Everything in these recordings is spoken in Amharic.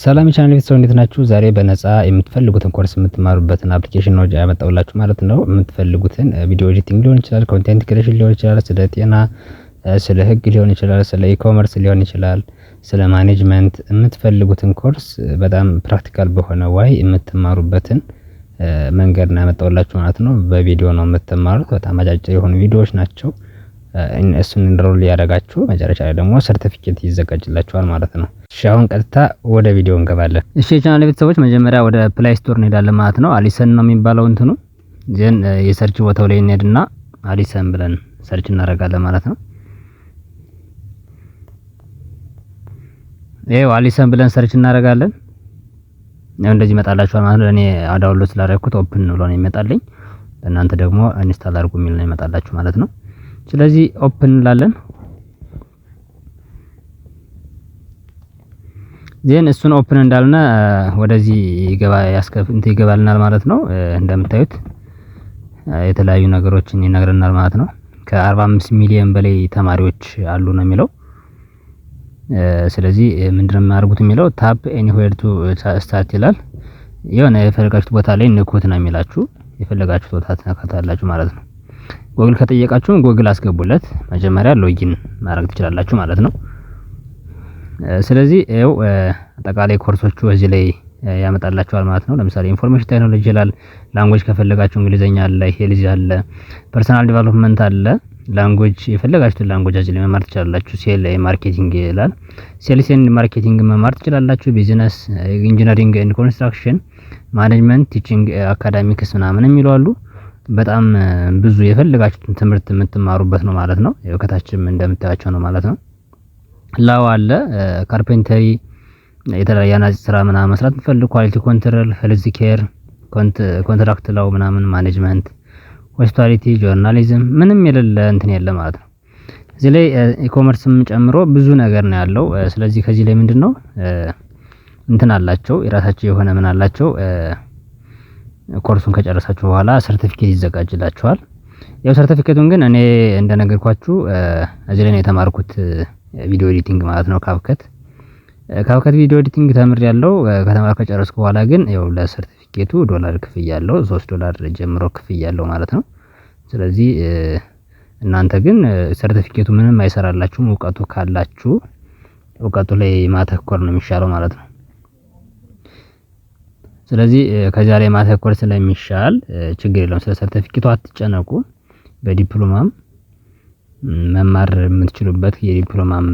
ሰላም የቻናል ቤተሰብ እንዴት ናችሁ? ዛሬ በነፃ የምትፈልጉትን ኮርስ የምትማሩበትን አፕሊኬሽን ነው ያመጣውላችሁ ማለት ነው። የምትፈልጉትን ቪዲዮ ኤዲቲንግ ሊሆን ይችላል፣ ኮንቴንት ክሬሽን ሊሆን ይችላል፣ ስለ ጤና፣ ስለ ህግ ሊሆን ይችላል፣ ስለ ኢኮመርስ ሊሆን ይችላል፣ ስለ ማኔጅመንት የምትፈልጉትን ኮርስ በጣም ፕራክቲካል በሆነ ዋይ የምትማሩበትን መንገድ ነው ያመጣውላችሁ ማለት ነው። በቪዲዮ ነው የምትማሩት። በጣም አጫጭር የሆኑ ቪዲዮዎች ናቸው። እሱን እንሮል ያደረጋችሁ መጨረሻ ላይ ደግሞ ሰርቲፊኬት ይዘጋጅላችኋል ማለት ነው። እሺ አሁን ቀጥታ ወደ ቪዲዮ እንገባለን። እሺ የቻናል ቤተሰቦች መጀመሪያ ወደ ፕላይ ስቶር እንሄዳለን ማለት ነው። አሊሰን ነው የሚባለው እንትኑ ዜን የሰርች ቦታው ላይ እንሄድና አሊሰን ብለን ሰርች እናደርጋለን ማለት ነው። ይሄው አሊሰን ብለን ሰርች እናደርጋለን። ያው እንደዚህ ይመጣላችኋል ማለት ነው። እኔ ዳውንሎድ ስላደረኩት ኦፕን ብሎ ነው የሚመጣልኝ። እናንተ ደግሞ ኢንስታል አድርጉ የሚል ነው ይመጣላችሁ ማለት ነው። ስለዚህ ኦፕን እንላለን። ዜን እሱን ኦፕን እንዳልነ ወደዚህ ይገባ ያስከፍ ይገባልናል ማለት ነው። እንደምታዩት የተለያዩ ነገሮችን ይነግረናል ማለት ነው። ከ45 ሚሊዮን በላይ ተማሪዎች አሉ ነው የሚለው። ስለዚህ ምንድነው የሚያደርጉት የሚለው ታፕ ኤኒዌር ቱ ስታርት ይላል። የሆነ የፈለጋችሁት ቦታ ላይ ንኩት ነው የሚላችሁ። የፈለጋችሁት ቦታ ትነካታላችሁ ማለት ነው። ጎግል ከጠየቃችሁም ጎግል አስገቡለት። መጀመሪያ ሎጊን ማድረግ ትችላላችሁ ማለት ነው። ስለዚህ ይኸው አጠቃላይ ኮርሶቹ እዚህ ላይ ያመጣላችኋል ማለት ነው። ለምሳሌ ኢንፎርሜሽን ቴክኖሎጂ ይላል። ላንጉጅ ከፈለጋችሁ እንግሊዘኛ አለ፣ ሄልዚ አለ፣ ፐርሰናል ዲቨሎፕመንት አለ። ላንጉጅ የፈለጋችሁትን ላንጉጅ እዚህ ላይ መማር ትችላላችሁ። ሴል ማርኬቲንግ ይላል። ሴልስ ኤንድ ማርኬቲንግ መማር ትችላላችሁ። ቢዝነስ፣ ኢንጂነሪንግ ኤንድ ኮንስትራክሽን፣ ማኔጅመንት፣ ቲችንግ አካዳሚክስ ምናምን የሚሉ አሉ። በጣም ብዙ የፈልጋችሁትን ትምህርት የምትማሩበት ነው ማለት ነው። ከታችም እንደምታያቸው ነው ማለት ነው። ላው አለ ካርፔንተሪ፣ የተለያየ አናጺ ስራ ምናምን መስራት የምትፈልጉ ኳሊቲ ኮንትሮል፣ ሄልዝ ኬር፣ ኮንትራክት ላው ምናምን፣ ማኔጅመንት፣ ሆስፒታሊቲ፣ ጆርናሊዝም ምንም የሌለ እንትን የለ ማለት ነው። እዚህ ላይ ኢኮመርስም ጨምሮ ብዙ ነገር ነው ያለው። ስለዚህ ከዚህ ላይ ነው እንትን አላቸው የራሳቸው የሆነ ምን አላቸው ኮርሱን ከጨረሳችሁ በኋላ ሰርቲፊኬት ይዘጋጅላችኋል። ያው ሰርቲፊኬቱን ግን እኔ እንደነገርኳችሁ እዚህ ላይ የተማርኩት ቪዲዮ ኤዲቲንግ ማለት ነው ካብከት ካብከት ቪዲዮ ኤዲቲንግ ተምር ያለው ከተማር ከጨረስኩ በኋላ ግን ያው ለሰርቲፊኬቱ ዶላር ክፍያ ያለው 3 ዶላር ጀምሮ ክፍያ ያለው ማለት ነው። ስለዚህ እናንተ ግን ሰርቲፊኬቱ ምንም አይሰራላችሁም። እውቀቱ ካላችሁ እውቀቱ ላይ ማተኮር ነው የሚሻለው ማለት ነው። ስለዚህ ከዚያ ላይ ማተኮር ስለሚሻል ችግር የለውም። ስለ ሰርተፊኬቱ አትጨነቁ። በዲፕሎማም መማር የምትችሉበት የዲፕሎማም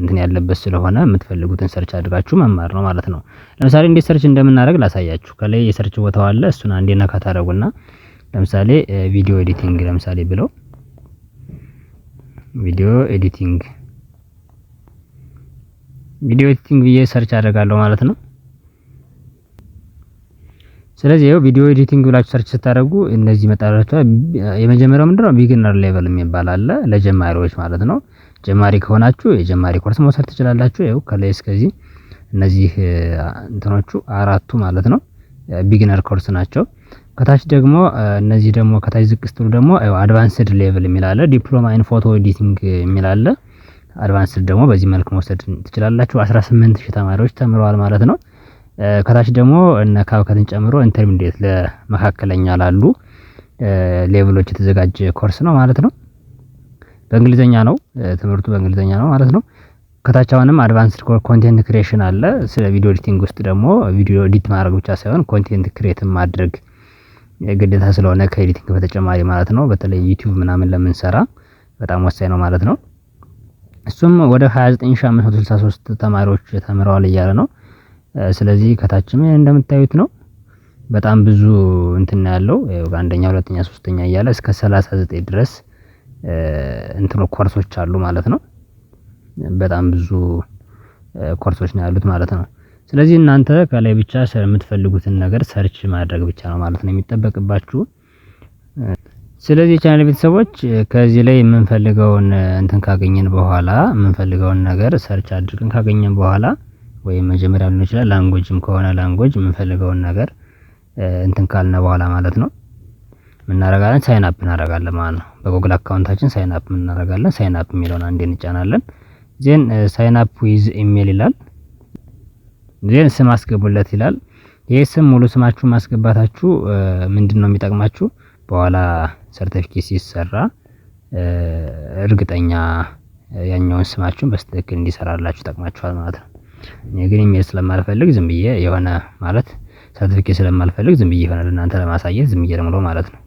እንትን ያለበት ስለሆነ የምትፈልጉትን ሰርች አድርጋችሁ መማር ነው ማለት ነው። ለምሳሌ እንዴት ሰርች እንደምናደርግ ላሳያችሁ። ከላይ የሰርች ቦታው አለ። እሱን አንዴ ነካ ታደርጉና ለምሳሌ ቪዲዮ ኤዲቲንግ ለምሳሌ ብለው ቪዲዮ ኤዲቲንግ ቪዲዮ ኤዲቲንግ ብዬ ሰርች አደርጋለሁ ማለት ነው። ስለዚህ ይኸው ቪዲዮ ኤዲቲንግ ብላችሁ ሰርች ስታደርጉ እነዚህ መጣራቸው የመጀመሪያው ምንድነው ቢግነር ሌቨል የሚባል አለ ለጀማሪዎች ማለት ነው። ጀማሪ ከሆናችሁ የጀማሪ ኮርስ መውሰድ ትችላላችሁ። ይኸው ከላይ እስከዚህ እነዚህ እንትኖቹ አራቱ ማለት ነው ቢግነር ኮርስ ናቸው። ከታች ደግሞ እነዚህ ደግሞ ከታች ዝቅ ስትሉ ደግሞ አድቫንስድ ሌቭል የሚላለ ዲፕሎማ ኢን ፎቶ ኤዲቲንግ የሚላለ አድቫንስድ ደግሞ በዚህ መልክ መውሰድ ትችላላችሁ። ሺህ ተማሪዎች ተምረዋል ማለት ነው። ከታች ደግሞ እነ ካፕከትን ጨምሮ ኢንተርሚዲየት ለመካከለኛ ላሉ ሌቭሎች የተዘጋጀ ኮርስ ነው ማለት ነው። በእንግሊዘኛ ነው ትምህርቱ በእንግሊዘኛ ነው ማለት ነው። ከታች አሁንም አድቫንስድ ኮንቴንት ክሬሽን አለ። ስለ ቪዲዮ ኤዲቲንግ ውስጥ ደግሞ ቪዲዮ ኤዲት ማድረግ ብቻ ሳይሆን ኮንቴንት ክሬት ማድረግ ግዴታ ስለሆነ ከኤዲቲንግ በተጨማሪ ማለት ነው። በተለይ ዩቲዩብ ምናምን ለምንሰራ በጣም ወሳኝ ነው ማለት ነው። እሱም ወደ 29563 ተማሪዎች ተምረዋል እያለ ነው። ስለዚህ ከታችም እንደምታዩት ነው። በጣም ብዙ እንትን ያለው አንደኛ፣ ሁለተኛ፣ ሶስተኛ እያለ እስከ 39 ድረስ እንትኖ ኮርሶች አሉ ማለት ነው። በጣም ብዙ ኮርሶች ነው ያሉት ማለት ነው። ስለዚህ እናንተ ከላይ ብቻ የምትፈልጉትን ነገር ሰርች ማድረግ ብቻ ነው ማለት ነው የሚጠበቅባችሁ። ስለዚህ የቻናል ቤተሰቦች ከዚህ ላይ የምንፈልገውን እንትን ካገኘን በኋላ የምንፈልገውን ነገር ሰርች አድርገን ካገኘን በኋላ ወይም መጀመሪያ ሊሆን ይችላል ላንጉጅም ከሆነ ላንጉጅ የምንፈልገውን ነገር እንትን ካልነ በኋላ ማለት ነው ምናረጋለን፣ ሳይን አፕ እናደርጋለን ማለት ነው። በጉግል አካውንታችን ሳይን አፕ እናደርጋለን። ሳይን አፕ የሚለውን አንዴ እንጫናለን። ዜን ሳይን አፕ ዊዝ ኢሜል ይላል። ዜን ስም አስገቡለት ይላል። ይህ ስም ሙሉ ስማችሁ ማስገባታችሁ ምንድን ነው የሚጠቅማችሁ? በኋላ ሰርቲፊኬት ሲሰራ እርግጠኛ ያኛውን ስማችሁን በስትክክል እንዲሰራላችሁ ይጠቅማችኋል ማለት ነው። እኔ ግን ኢሜል ስለማልፈልግ ዝም ብዬ የሆነ ማለት ሰርቲፊኬት ስለማልፈልግ ዝም ብዬ ይሆናል ለእናንተ ለማሳየት ዝም ብዬ ደግሞ ማለት ነው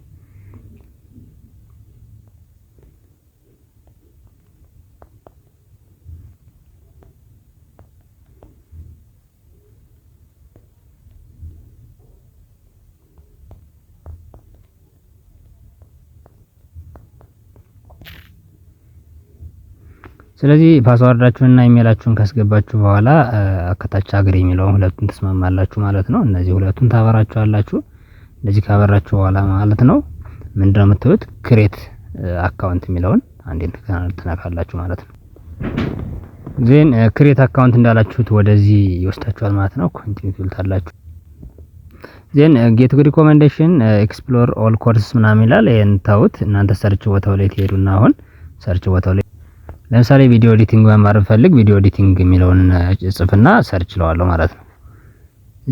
ስለዚህ ፓስዋርዳችሁንና ኢሜላችሁን ካስገባችሁ በኋላ ከታች ሀገር የሚለውን ሁለቱን ትስማማላችሁ ማለት ነው። እነዚህ ሁለቱን ታበራችኋላችሁ። እንደዚህ ካበራችሁ በኋላ ማለት ነው ምንድነው የምትሉት ክሬት አካውንት የሚለውን አንዴ ትነካላችሁ ማለት ነው። ዜን ክሬት አካውንት እንዳላችሁት ወደዚህ ይወስዳችኋል ማለት ነው። ኮንቲኒ ትሉታላችሁ። ዜን ጌት ሪኮመንዴሽን ኤክስፕሎር ኦል ኮርስ ምናምን ይላል። ይህን ታውት እናንተ ሰርች ቦታው ላይ ትሄዱና አሁን ሰርች ቦታው ላይ ለምሳሌ ቪዲዮ ኤዲቲንግ መማር ብፈልግ ቪዲዮ ኤዲቲንግ የሚለውን ጽፍና ሰርች ለዋለሁ ማለት ነው።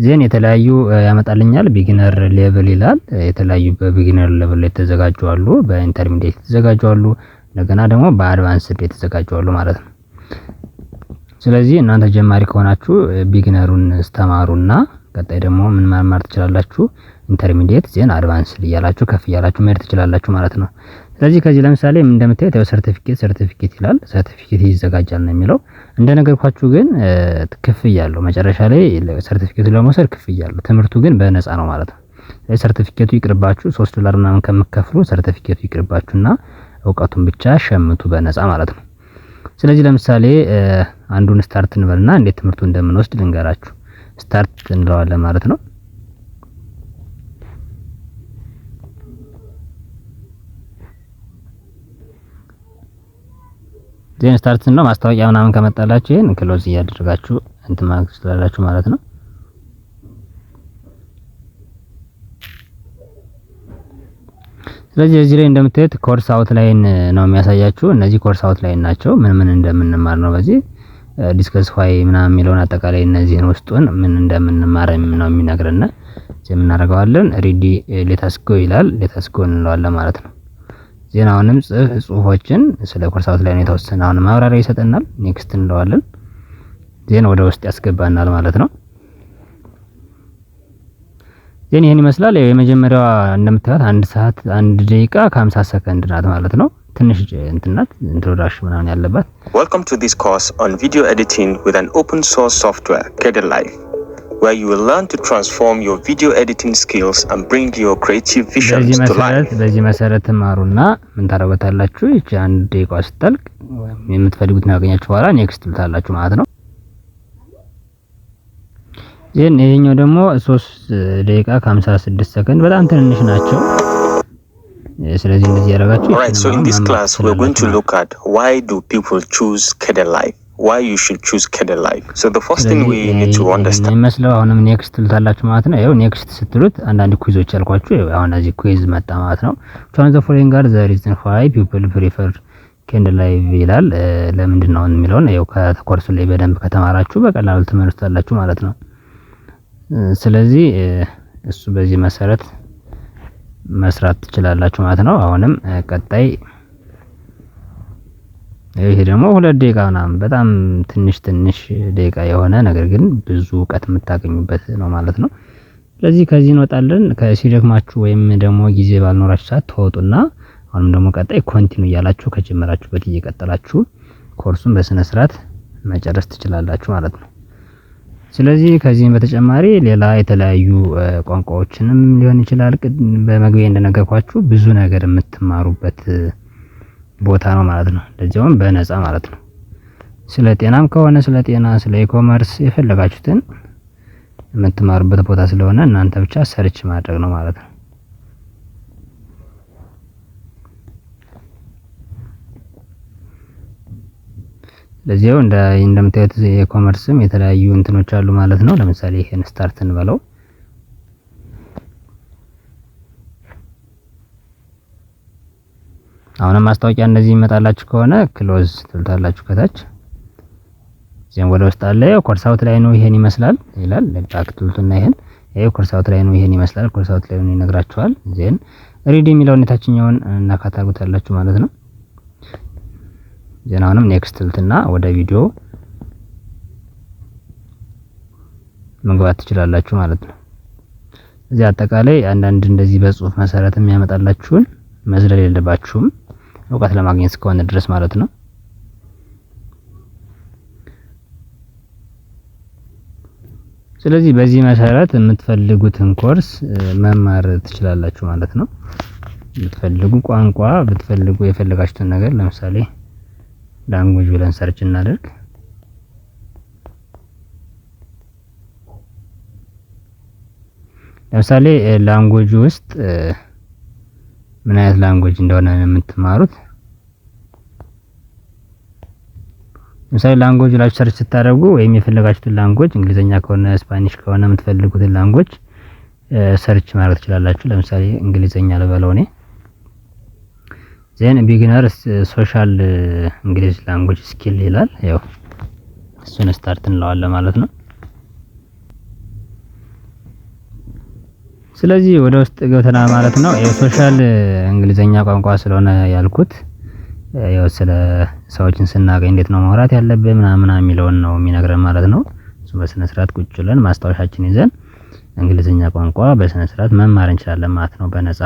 ዜን የተለያዩ ያመጣልኛል። ቢግነር ሌቭል ይላል። የተለያዩ በቢግነር ሌቭል ላይ የተዘጋጁ አሉ፣ በኢንተርሚዲየት የተዘጋጁ አሉ፣ እንደገና ደግሞ በአድቫንስድ የተዘጋጁ አሉ ማለት ነው። ስለዚህ እናንተ ጀማሪ ከሆናችሁ ቢግነሩን ስተማሩና ቀጣይ ደግሞ ምን መማር ትችላላችሁ? ኢንተርሚዲየት ዜን አድቫንስድ እያላችሁ ከፍ እያላችሁ መሄድ ትችላላችሁ ማለት ነው። ስለዚህ ከዚህ ለምሳሌ እንደምታዩት ያው ሰርቲፊኬት ሰርቲፊኬት ይላል ሰርቲፊኬት ይዘጋጃል ነው የሚለው። እንደነገርኳችሁ ግን ክፍያ አለው። መጨረሻ ላይ ሰርቲፊኬቱ ለመውሰድ ክፍያ አለው። ትምህርቱ ግን በነፃ ነው ማለት ነው። ሰርቲፊኬቱ ይቅርባችሁ፣ ሶስት ዶላር ምናምን ከምከፍሉ ሰርቲፊኬቱ ይቅርባችሁና እውቀቱን ብቻ ሸምቱ በነፃ ማለት ነው። ስለዚህ ለምሳሌ አንዱን ስታርት እንበልና እንዴት ትምህርቱ እንደምንወስድ ልንገራችሁ። ስታርት እንለዋለን ማለት ነው። ዜን ስታርት ነው ማስታወቂያ ምናምን ከመጣላችሁ ይሄን ክሎዝ እያደረጋችሁ እንትን ማለት ትችላላችሁ ማለት ነው። ስለዚህ እዚህ ላይ እንደምታዩት ኮርስ አውትላይን ነው የሚያሳያችሁ። እነዚህ ኮርስ አውትላይን ናቸው። ምን ምን እንደምንማር ነው በዚህ ዲስከስ ፋይ ምናምን የሚለውን አጠቃላይ እነዚህን ውስጡን ምን እንደምንማር ነው የሚነግርና የምናደርገዋለን። ሪዲ ሌታስጎ ይላል። ሌታስጎ እንለዋለን ማለት ነው። ዜናውንም ጽሁፎችን ስለ ኮርሳት ላይ የተወሰነውን ማብራሪያ ይሰጠናል። ኔክስት እንለዋለን። ዜና ወደ ውስጥ ያስገባናል ማለት ነው። ዜና ይህን ይመስላል። የመጀመሪያዋ እንደምታዩት አንድ ሰዓት አንድ ደቂቃ ከሀምሳ ሰከንድ ናት ማለት ነው። ትንሽ እንትናት ኢንትሮዳክሽን ምናምን ያለባት። ዌልካም ቱ ዲስ ኮርስ ኦን ቪዲዮ ኤዲቲንግ ዊዝ አን ኦፕን ሶርስ ሶፍትዌር ኬደር ላይፍ where you will learn to transform your video editing skills and bring your creative visions to life። በዚህ መሰረት ማሩና ምን ታረጋታላችሁ? እቺ አንድ ደቂቃ ስትጠልቅ የምትፈልጉት ነው ያገኛችሁ በኋላ ኔክስት ትልታላችሁ ማለት ነው። ይሄን ይሄኛው ደግሞ 3 ደቂቃ ከ56 ሰከንድ በጣም ትንንሽ ናቸው። ስለዚህ እንደዚህ ያደረጋችሁ ኦልራይት ሶ ኢን ዲስ ክላስ ዊ አር ጎይንግ ቱ ሉክ አት ዋይ ዱ ፒፕል ቹዝ ከደላይፍ why you should choose Kedar So the first thing we need to understand ይመስለው አሁንም ኔክስት ትሉታላችሁ ማለት ነው። ይኸው ኔክስት ስትሉት አንዳንድ ኩዞች ያልኳችሁ አሁን እዚህ ኩዝ መጣ ማለት ነው። ቻንስ ኦፍ ፎሎዊንግ ጋር ዘ ሪዝን ፋይ ፒፕል ፕሪፈር ኬንድል ላይቭ ይላል። ለምንድን ነው የሚለውን ይኸው ከተኮርሱ ላይ በደንብ ከተማራችሁ በቀላሉ ትመርታላችሁ ማለት ነው። ስለዚህ እሱ በዚህ መሰረት መስራት ትችላላችሁ ማለት ነው። አሁንም ቀጣይ ይሄ ደግሞ ሁለት ደቂቃ ምናምን በጣም ትንሽ ትንሽ ደቂቃ የሆነ ነገር ግን ብዙ እውቀት የምታገኙበት ነው ማለት ነው። ስለዚህ ከዚህ እንወጣለን ሲደክማችሁ ወይም ደግሞ ጊዜ ባልኖራችሁ ሰዓት ተወጡና አሁንም ደግሞ ቀጣይ ኮንቲኒው እያላችሁ ከጀመራችሁበት እየቀጠላችሁ ኮርሱን በስነ ስርዓት መጨረስ ትችላላችሁ ማለት ነው። ስለዚህ ከዚህም በተጨማሪ ሌላ የተለያዩ ቋንቋዎችንም ሊሆን ይችላል። በመግቢያ እንደነገርኳችሁ ብዙ ነገር የምትማሩበት ቦታ ነው ማለት ነው። እንደዚያውም በነፃ ማለት ነው። ስለ ጤናም ከሆነ ስለ ጤና፣ ስለ ኢኮመርስ የፈለጋችሁትን የምትማሩበት ቦታ ስለሆነ እናንተ ብቻ ሰርች ማድረግ ነው ማለት ነው። ለዚያው እንደ እንደምታዩት ኢኮመርስም የተለያዩ እንትኖች አሉ ማለት ነው። ለምሳሌ ይሄን ስታርት እንበለው አሁንም ማስታወቂያ እንደዚህ ይመጣላችሁ ከሆነ ክሎዝ ትልታላችሁ ከታች ዜን ወደ ውስጥ አለ። ኮርስ አውት ላይ ነው ይሄን ይመስላል ይላል። ባክ ትልቱና ይሄን ይሄ ኮርስ አውት ላይ ነው ይሄን ይመስላል። ኮርስ አውት ላይ ነው ይነግራችኋል። ዜን ሪድ የሚለውን የታችኛውን እናካታጉታላችሁ ማለት ነው። ዜን አሁንም ኔክስት ትልትና ወደ ቪዲዮ መግባት ትችላላችሁ ማለት ነው። እዚህ አጠቃላይ አንዳንድ እንደዚህ በጽሁፍ መሰረት የሚያመጣላችሁን መዝለል የለባችሁም እውቀት ለማግኘት እስከሆነ ድረስ ማለት ነው። ስለዚህ በዚህ መሰረት የምትፈልጉትን ኮርስ መማር ትችላላችሁ ማለት ነው። የምትፈልጉ ቋንቋ ብትፈልጉ የፈለጋችሁትን ነገር ለምሳሌ ላንጉጅ ብለን ሰርች እናደርግ። ለምሳሌ ላንጉጅ ውስጥ ምን አይነት ላንጉጅ እንደሆነ የምትማሩት። ለምሳሌ ላንጉጅ ብላችሁ ሰርች ስታደርጉ ወይም የፈለጋችሁትን ላንጉጅ እንግሊዘኛ ከሆነ ስፓኒሽ ከሆነ የምትፈልጉትን ላንጉጅ ሰርች ማድረግ ትችላላችሁ። ለምሳሌ እንግሊዘኛ ልበለው እኔ ዜን ቢግነር ሶሻል እንግሊዝ ላንጉጅ ስኪል ይላል። ያው እሱን ስታርት እንለዋለን ማለት ነው። ስለዚህ ወደ ውስጥ ገብተናል ማለት ነው። የሶሻል እንግሊዘኛ ቋንቋ ስለሆነ ያልኩት ያው ስለ ሰዎችን ስናገኝ እንዴት ነው ማውራት ያለብን ምናምን የሚለውን ነው የሚነግረን ማለት ነው። እሱ በስነ ስርዓት ቁጭ ብለን ማስታወሻችን ይዘን እንግሊዘኛ ቋንቋ በስነ ስርዓት መማር እንችላለን ማለት ነው በነጻ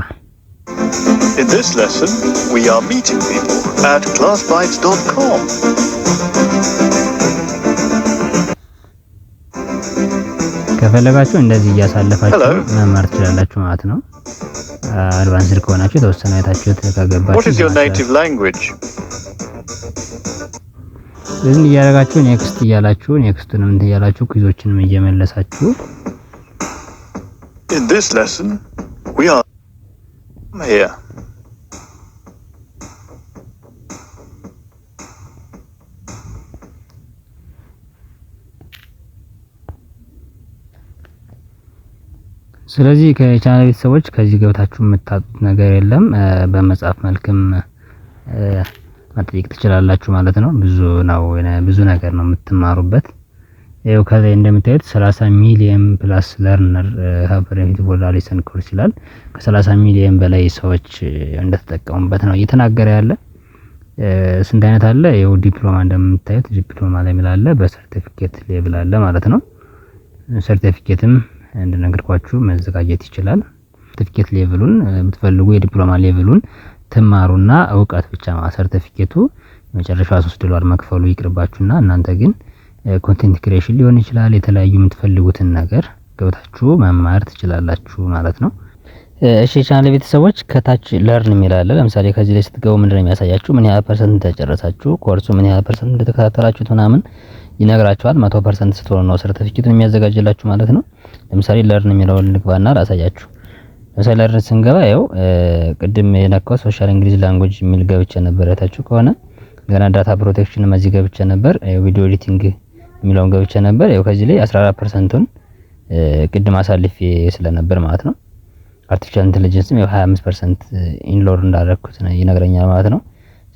In this lesson we are meeting people at classbytes.com ከፈለጋችሁ እንደዚህ እያሳለፋችሁ መማር ትችላላችሁ ማለት ነው። አድቫንስድ ከሆናችሁ የተወሰነ አይታችሁት ከገባችሁ እዚህ እያደረጋችሁ ኔክስት እያላችሁ ኔክስቱንም እንትን እያላችሁ ኩዞችንም እየመለሳችሁ In this lesson we are here ስለዚህ ከቻናል ቤተሰቦች ከዚህ ገብታችሁ የምታጡት ነገር የለም። በመጽሐፍ መልክም መጠየቅ ትችላላችሁ ማለት ነው። ብዙ ነው ብዙ ነገር ነው የምትማሩበት። ይኸው ከላይ እንደምታዩት 30 ሚሊየን ፕላስ ለርነር ሀበር የሚትቦላ ሌሰን ኮርስ ይላል። ከ30 ሚሊየን በላይ ሰዎች እንደተጠቀሙበት ነው እየተናገረ ያለ። ስንት አይነት አለ? ይኸው ዲፕሎማ እንደምታዩት ዲፕሎማ ላይ ምላለ፣ በሰርቲፊኬት ሌብል አለ ማለት ነው። ሰርቲፊኬትም እንደነገርኳችሁ መዘጋጀት ይችላል። ሰርቲፊኬት ሌቭሉን የምትፈልጉ የዲፕሎማ ሌቭሉን ትማሩና እውቀት ብቻ ሰርቲፊኬቱ መጨረሻ ሶስት ዶላር መክፈሉ ይቅርባችሁና እናንተ ግን ኮንቴንት ክሬሽን ሊሆን ይችላል። የተለያዩ የምትፈልጉትን ነገር ገብታችሁ መማር ትችላላችሁ ማለት ነው። እሺ የቻናል ቤተሰቦች ከታች ለርን የሚላለ ለምሳሌ ከዚህ ላይ ስትገቡ ምንድነው የሚያሳያችሁ? ምን ያህል ፐርሰንት እንደጨረሳችሁ ኮርሱ ምን ያህል ፐርሰንት እንደተከታተላችሁት ምናምን ይነግራችኋል። መቶ ፐርሰንት ስትሆኑ ነው ሰርተፊኬቱን የሚያዘጋጅላችሁ ማለት ነው። ለምሳሌ ለርን የሚለውን ልግባና ላሳያችሁ። ለምሳሌ ለርን ስንገባ ያው ቅድም የነካው ሶሻል እንግሊዝ ላንጉጅ የሚል ገብቼ ነበር። ያታችሁ ከሆነ ገና ዳታ ፕሮቴክሽን እዚህ ገብቼ ነበር። ቪዲዮ ኤዲቲንግ የሚለውን ገብቼ ነበር። ያው ከዚህ ላይ 14ት ፐርሰንቱን ቅድም አሳልፌ ስለነበር ማለት ነው። አርቲፊሻል ኢንተለጀንስም ያው 25% ኢንሎር እንዳደረኩት ይነግረኛል ማለት ነው።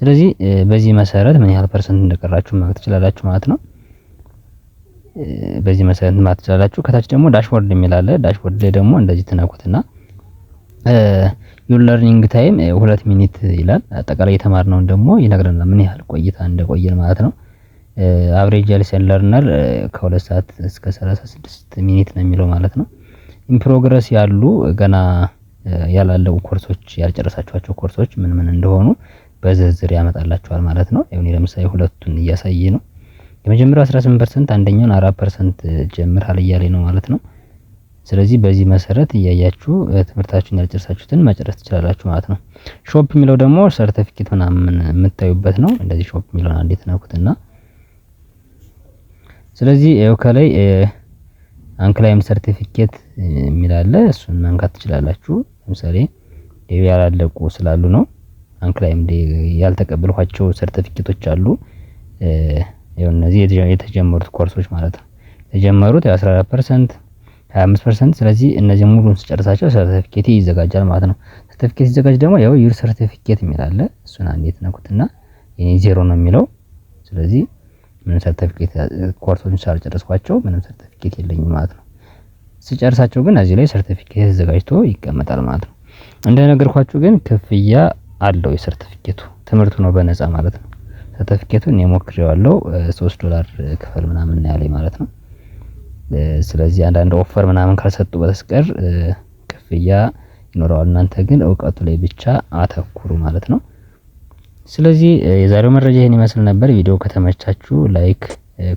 ስለዚህ በዚህ መሰረት ምን ያህል ፐርሰንት እንደቀራችሁ ማወቅ ትችላላችሁ ማለት ነው። በዚህ መሰረት ማለት ትችላላችሁ። ከታች ደግሞ ዳሽቦርድ የሚል አለ። ዳሽቦርድ ላይ ደግሞ እንደዚህ ትነኩትና ዩር ለርኒንግ ታይም ሁለት ሚኒት ይላል። አጠቃላይ የተማርነውን ደግሞ ይነግረናል፣ ምን ያህል ቆይታ እንደቆየን ማለት ነው። አብሬጅ ሌሰን ለርነር ከሁለት ሰዓት እስከ 36 ሚኒት ነው የሚለው ማለት ነው። ኢን ፕሮግረስ ያሉ ገና ያላለቁ ኮርሶች ያልጨረሳችኋቸው ኮርሶች ምን ምን እንደሆኑ በዝርዝር ያመጣላችኋል ማለት ነው። ለምሳሌ ሁለቱን እያሳየ ነው። የመጀመሪያው 18 ፐርሰንት አንደኛውን 4 ፐርሰንት ጀምራል እያለ ነው ማለት ነው። ስለዚህ በዚህ መሰረት እያያችሁ ትምህርታችሁን ያልጨርሳችሁትን መጨረስ ትችላላችሁ ማለት ነው። ሾፕ የሚለው ደግሞ ሰርተፊኬት ምናምን የምታዩበት ነው። እንደዚህ ሾፕ የሚለውን አንዴ ተናኩትና ስለዚህ ያው ከላይ አንክላይም ሰርቲፊኬት የሚል እሱን መንካት ትችላላችሁ። ለምሳሌ ዴቪ ያላለቁ ስላሉ ነው አንክላይም ያልተቀበልኳቸው ሰርቲፊኬቶች አሉ። ያው እነዚህ የተጀመሩት ኮርሶች ማለት ነው። የተጀመሩት ያው 14% 25% ስለዚህ እነዚህ ሙሉን ስጨርሳቸው ሰርቲፊኬት ይዘጋጃል ማለት ነው። ሰርቲፊኬት ሲዘጋጅ ደግሞ ያው ዩር ሰርቲፊኬት የሚል አለ። እሱን አንዴት ነኩትና የኔ ዜሮ ነው የሚለው። ስለዚህ ምንም ሰርቲፊኬት ኮርሶችን ሳልጨረስኳቸው ምንም ሰርቲፊኬት የለኝም ማለት ነው። ስጨርሳቸው ግን እዚህ ላይ ሰርቲፊኬት ተዘጋጅቶ ይቀመጣል ማለት ነው። እንደነገርኳችሁ ግን ክፍያ አለው የሰርቲፊኬቱ ትምህርቱ ነው በነፃ ማለት ነው። ሰርተፊኬቱን የሞክሬዋለሁ ሶስት ዶላር ክፍል ምናምን ያለኝ ማለት ነው። ስለዚህ አንዳንድ ኦፈር ምናምን ካልሰጡ በስተቀር ክፍያ ይኖረዋል። እናንተ ግን እውቀቱ ላይ ብቻ አተኩሩ ማለት ነው። ስለዚህ የዛሬው መረጃ ይሄን ይመስል ነበር። ቪዲዮ ከተመቻችሁ ላይክ፣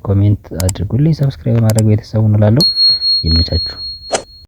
ኮሜንት አድርጉልኝ፣ ሰብስክራይብ ማድረግ ቤተሰቡ እንላለሁ። ይመቻችሁ።